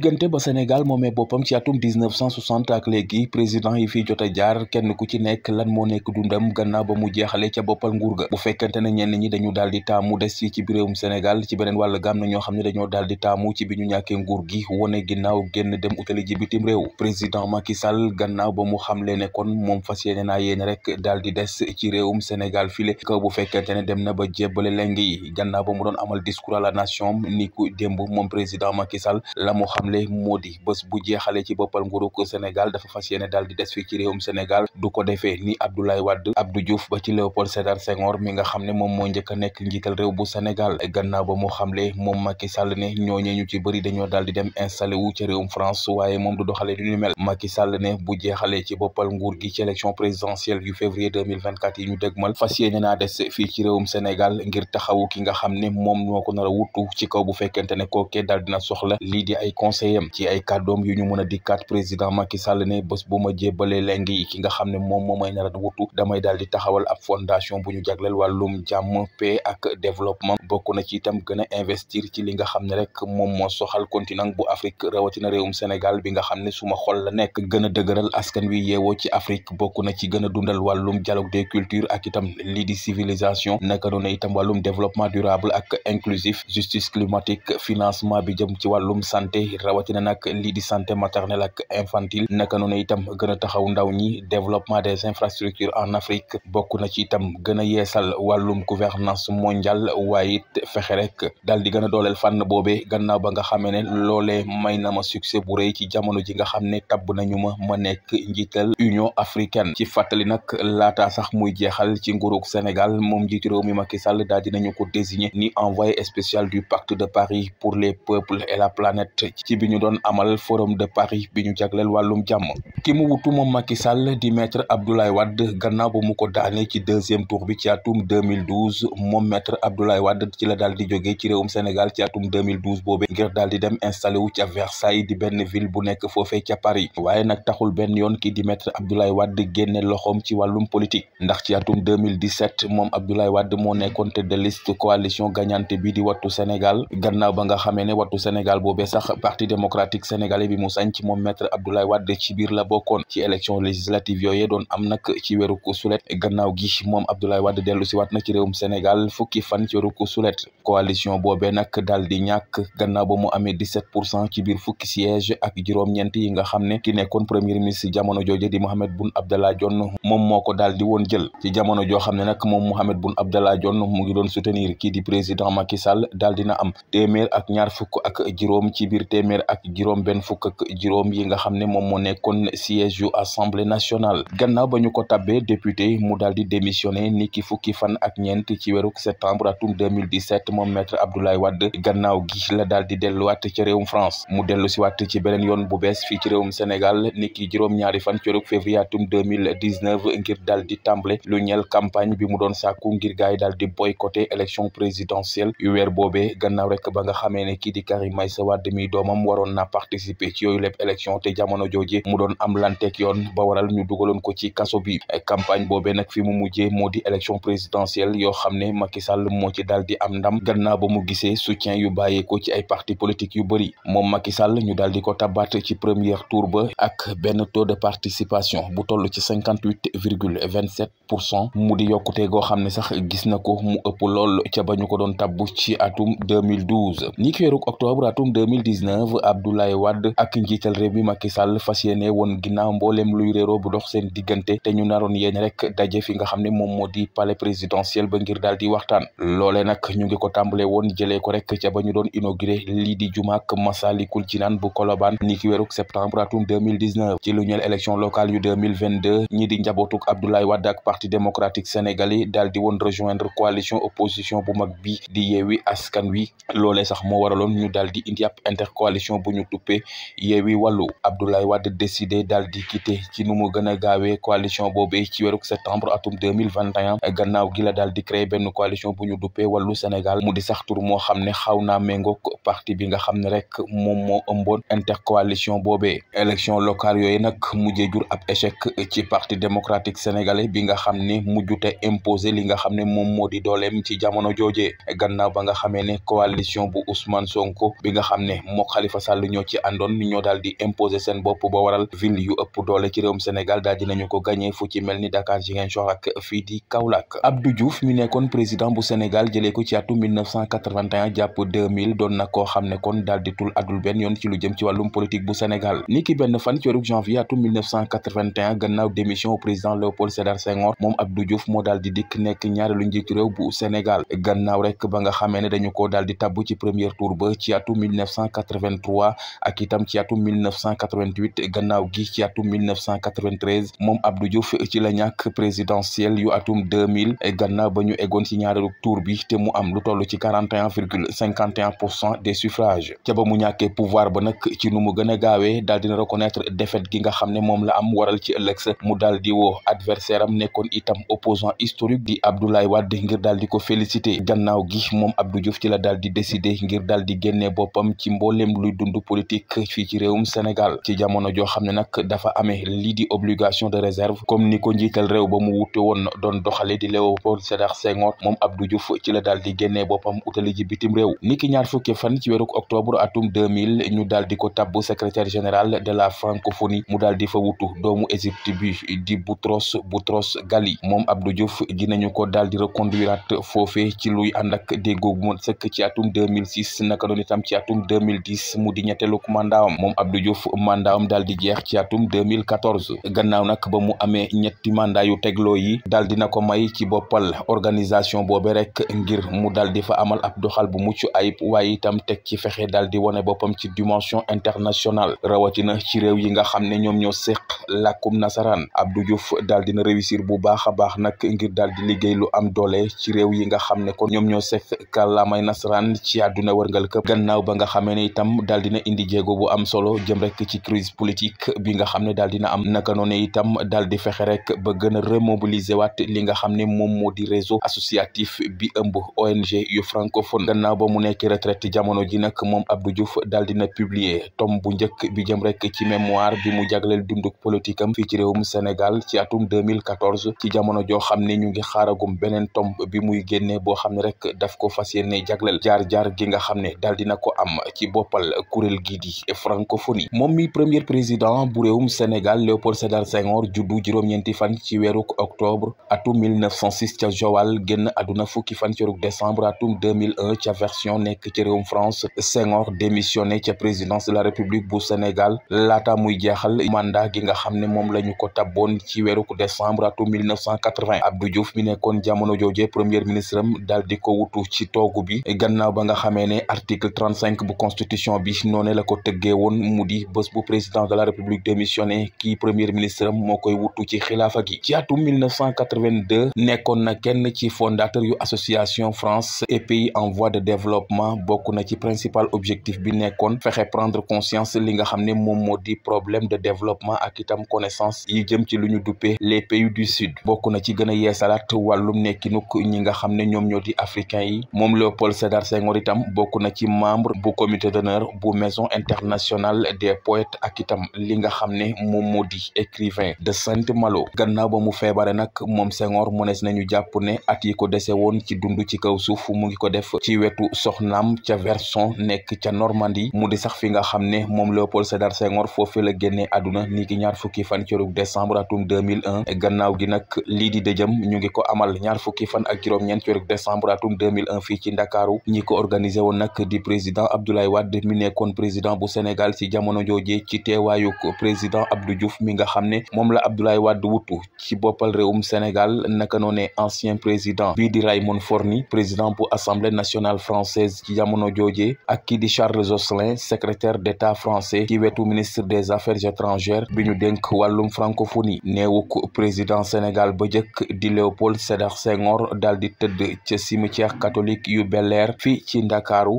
diggante ba Sénégal moomee boppam ci atum 1960 ak léegi président yi fi jot jaar kenn ku ci nekk lan moo nekk dundam gannaaw ba mu jeexale ca boppal nguur ga bu fekkente ne ñenn ñi dañu daal di taamu des ci ci biréewum Sénégal ci beneen wàll gaam na ñoo xam ne dañoo daal di taamu ci bi ñu ñàkkee nguur gi wone ginnaaw génn dem utali ji bitim réew président ki Sall gannaaw ba mu xamle ne kon moom fa fas yéene naa yéen rek daal di des ci réewum Sénégal file kaw bu fekkente ne dem na ba jébbale leng yi gannaaw ba mu doon amal discours à la nation ni ku démb moom président Macky Sall xamle moo di bu jeexale ci boppal nguurug Sénégal dafa fas yéene daal di des fii ci réewum Sénégal du ko defee ni Abdoulaye Wade Abdou Diouf ba ci Léopold Sédar Senghor mi nga xam ne moom moo njëkk nekk njiital réew bu Sénégal gannaaw ba mu xamle moom Macky Sall ne ñooñee ñu ci bëri dañoo daal di dem installé wu ci réewum France waaye moom du doxalee lu ñu mel Macky Sall ne bu jeexalee ci boppal nguur gi ci élection présidentielle yu février 2024 yi ñu dégmal fas yéene naa des fii ci réewum Sénégal ngir taxawu ki nga xam ne moom moo ko nar a wutu ci kaw bu fekkente ne kookee daal dina soxla lii di ay conseil conseil ci ay kàddoom yu ñu mën a dikkaat président Macky Sall ne bés bu ma jébbalee leng yi ki nga xam ne moom moo may narat wutu damay daal di taxawal ab fondation bu ñu jagleel wàllum jàmm paix ak développement bokku na ci itam gën a investir ci li nga xam ne rek moom moo soxal continent bu Afrique rawatina réewum Sénégal bi nga xam ne suma xol la nekk gën a dëgëral askan wi yeewoo ci Afrique bokk na ci gën a dundal wàllum dialogue des culture ak itam lii di civilisation naka itam wàllum développement durable ak inclusif justice climatique financement bi jëm ci wàllum santé rawatina nag li di santé maternelle ak infantile naka noonu itam gën a taxaw ndaw ñi développement des infrastructures en Afrique bokk na ci itam gën a yeesal wàllum gouvernance mondiale waaye fexe rek daal di gën a dooleel fànn boobee gannaaw ba nga xamee ne loolee may na ma succès bu rëy ci jamono ji nga xam ne tabb nañu ma ma nekk njiital Union africaine ci fàttali nag laataa sax muy jeexal ci nguurug Sénégal moom njiitu mi Macky Sall daal dinañu ko désigner ni envoyé bi ñu doon amal forum de Paris bi ñu jagleel wàllum jàmm ki mu wutu moom Macky Sall di maître Abdoulaye Wade gannaaw ba mu ko daane ci deuxième tour bi ci atum 2012 moom maître Abdoulaye Wade ci la daal di jógee ci réewum Sénégal ci atum 2012 boobee ngir daal di dem installé wu ca Versailles di benn ville bu nekk foofee ca Paris waaye nag taxul benn yoon ki di maître Abdoulaye Wade génne loxoom ci wàllum politique ndax ci atum 2017 moom Abdoulaye Wade moo nekkoon tête de liste coalition gagnante bi di wattu Sénégal gannaaw ba nga xamee ne wattu Sénégal boobee démocratique sénégalais bi mu sànc moom maître Abdoulaye Wade ci biir la bokkoon ci élection législative yooyee doon am nag ci weeru sulet gannaaw gi moom Abdoulaye Wade dellu si waat na ci réewum Sénégal fukki fan ci weeru sulet coalition boobee nag daal di ñàkk gannaaw ba mu amee 17 pour cent ci biir fukki siège ak juróom-ñeent nga xam ne ki nekkoon premier ministre jamono jooje di Mohamed Boun Abdallah Dionne moom moo ko daal di woon jël ci jamono joo xam ne nag moom Mohamed Boun Abdallah Dionne mu ngi doon soutenir kii di président Macky Sall daal dina am téeméer ak ñaar fukk téeméer ak juróom benn fukk ak juróom yi nga xam ne moom moo nekkoon siège yu assemblée nationale gannaaw ba ñu ko tabbee député mu daal di démissionné ni ki fukki fan ak ñeent ci weeru septembre atum 2017 moom maître Abdoulaye Wade gannaaw gi la dal di delluwaat ci réewum France mu dellu si waat ci beneen yoon bu bees fii ci réewum Sénégal ni ki juróom-ñaari fan ci weeru février atum 2019 ngir dal di tàmbale lu ñeel campagne bi mu doon sàkku ngir gaay daal di boycotter élection présidentielle yu weer boobee gannaaw ba nga xamee kii di moom waroon na participer ci yooyu lépp élection te jamono jooje mu doon am lanteeg yoon ba waral ñu dugaloon ko ci kaso bi campagne boobee nag fi mu mujjee moo di élection présidentielle yoo xam ne Macky Sall moo ci daal di am ndam gannaaw ba mu gisee soutien yu bàyyee ko ci ay parti politique yu bëri moom Macky Sall ñu daal di ko tabaat ci premier tour ba ak benn taux de participation bu toll ci cinquante virgule vingt sept pour cent mu di yokkute goo xam ne sax gis na ko mu ëpp lool ca ba ñu ko doon tabbu ci atum deux mille douze ni ki deux mille dix neuf preuve Abdoulaye Wade ak njiital réew mi Macky Sall fas yéene woon ginnaaw mbooleem luy réeroo bu dox seen diggante te ñu naroon yéen rek daje fi nga xam ne moom moo di palais présidentiel ba daal di waxtaan loole nag ñu ngi ko tàmbale woon jëlee rek ca ba doon inauguré lii di jumaak Jinaan bu Kolobaan ni ki weeruk septembre atum 2019 ci locale yu 2022 ñi di njabootuk ak parti démocratique sénégalais daal di woon rejoindre coalition opposition bu mag bi di coalition bu ñu duppee Yewwi Wàllu Abdoulaye Wade décidé dal di quitter ci nu mu gën a gaawee coalition boobu ci weeru septembre atum 2021 gannaaw gi la daal di créer benn coalition bu ñu duppee Wàllu Sénégal mu di sax tur moo xam ne xaw naa méngoog parti bi nga xam ne rek moom moo ëmboon intercoalition boobee élection locale yooyu nag mujjee jur ab échec ci parti démocratique sénégalais bi nga xam ne mujjute imposé li nga xam ne moom moo di dooleem ci jamono joojee gannaaw ba nga xamee ne coalition bu Ousmane Khalifa Sall ñoo ci àndoon ni ñoo daal di imposer seen bopp ba waral ville yu ëpp doole ci réewum Sénégal daal dinañu ko gagné fu ci mel ni Dakar Ziguinchor ak fii di Kaolack Abdou Diouf mi nekkoon président bu Sénégal jëlee ko ci atu 1981 jàpp 2000 doon na koo xam ne kon daal di tul adul benn yoon ci lu jëm ci wàllum politique bu Sénégal ni ki benn fan ci weeru janvier atum 1981 gannaaw démission au président Léopold Sédar Senghor moom Abdou Diouf moo daal di dikk nekk ñaareelu njiitu réew nga xamee ne dañu ko daal di tabb ci premier tour ba ci atu 1983 ak itam ci atum 1988 gannaaw gi ci atum 1993 moom Abdou Diouf ci la ñàkk présidentiel yu atum 2000 gannaaw ba ñu eggoon ci ñaareelu tour bi te mu am lu toll ci 41 virgule 51 pour cent des suffrages ca ba mu ñàkkee pouvoir ba nag ci nu mu gën a gaawee daal dina reconnaître défaite gi nga xam ne moom la am waral ci ëllëg sa mu daal di woo adversaire am nekkoon itam opposant historique di Abdoulaye Wade ngir daal di ko félicité gannaaw gi moom Abdou Diouf ci la daal di décider ngir daal di génnee boppam ci mboolem lu luy dund politique fii ci réewum Sénégal ci jamono joo xam ne nag dafa amee li di obligation de réserve comme ni ko njiital réew ba mu wute woon doon doxale di Léopold Sédar Senghor moom Abdou Diouf ci la daal di génnee boppam utali ji bitim réew niki ñaar fukki fan ci weeru octobre atum 2000 ñu daal di ko tabbu secrétaire général de la francophonie mu daal di fa wutu doomu Égypte bi di Boutros Boutros Ghali moom Abdou Diouf dinañu ko daal di reconduire at foofee ci luy ànd ak déggoo bu mot sëkk ci atum 2006 naka doon itam ci atum 2010 mu di ñetteeluk mandaawam moom Abdou Diouf mandaawam daal di jeex ci atum 2014 gannaaw nag ba mu amee ñetti mandat yu tegloo yi daal dina ko may ci boppal organisation boobe rek ngir mu daal di fa amal ab doxal bu mucc ayib waaye itam teg ci fexe daal di wane boppam ci dimension international rawatina ci réew yi nga xam ne ñoom ñoo séq lakkum nasaraan Abdou Diouf daal dina réussir bu baax a baax nag ngir daal di liggéey am doole ci réew yi nga xam ne ko ñoom ñoo séq kàllaamay nasaraan ci àdduna wërngal këpp gannaaw ba nga xamee ne itam moom daal dina indi jéego bu am solo jëm rek ci crise politique bi nga xam ne daal dina am naka noonu itam dal di fexe rek ba gën a remobiliser waat li nga xam ne moom moo di réseau associatif bi ëmb ONG yu francophone gannaaw ba mu nekk retraite jamono ji nag moom Abdou Diouf daal dina publier tom bu njëkk bi jëm rek ci mémoire bi mu jaglel dunduk politique am fii ci réewum Sénégal ci atum 2014 ci jamono joo xam ne ñu ngi xaaragum beneen tome bi muy génne boo xam ne rek daf ko fas yéene jagleel jaar-jaar gi nga xam ne daal dina ko am amal kuréel gii di francophonie moom mi premier président bu réewum Sénégal Léopold Sédar Senghor juddu juróom-ñeenti fan ci weeruk octobre atum 1906 ca Joal génn àdduna fukki fan ci weeruk décembre atum 2001 ca version nekk ci réewum France Senghor démissionné ca présidence de la République bu Sénégal laata muy jeexal mandat gi nga xam ne moom la ñu ko tabboon ci weeruk décembre atum 1980 Abdou Diouf mi nekkoon jamono jooje premier ministre am daal di ko wutu ci toogu bi gannaaw ba nga xamee ne article bi noonee la ko tëggee woon mu di bés bu président de la république démissionné kii premier ministre moo koy wutu ci xilaafa gi ci atum 1982 nekkoon na kenn ci fondateur yu association France et pays en voie de développement bokk ci principal objectif bi nekkoon fexe prendre conscience li nga xam ne moom moo di problème de développement ak itam connaissance yi jëm ci lu ñu duppee les pays du sud bokk na ci gën a yeesalaat wàllum nekkinuk ñi nga xam ne ñoom ñoo di africains bu maison internationale des poètes ak itam li nga xam ne moom moo di écrivain de Saint-Malo gannaaw ba mu feebare nag moom Senghor mënees ñu jàpp ne at yi ko dese woon ci dund ci kaw suuf mu ngi ko def ci wetu soxnaam ca Verson nekk ca Normandie mu di sax fi nga xam ne moom Léopold Sédar Senghor foofee la génnee àdduna ni ñaar fukki fan ci weeru décembre atum 2001 gannaaw gi nag lii di dëjëm ñu ngi ko amal ñaar fukki fan ak juróom-ñeent ci weeru décembre atum 2001 fii ci Ndakaaru ñi ko organisé woon nag nekkoon président bu Sénégal ci jamono jooje ci teewaayuk président Abdou Diouf mi nga xam ne moom la Abdoulaye Wade wutu ci boppal réewum Sénégal naka noone ancien président bii di Raymond Forny président bu Assemblée nationale française ci jamono jooje ak kii di Charles Josselin secrétaire d'État français ci wetu ministre des affaires étrangères bi ñu dénk wàllum francophonie néewuk président Sénégal ba jëkk di Léopold Sédar Senghor daal di tëdd ca cimetière catholique yu Bel Air ci Ndakaaru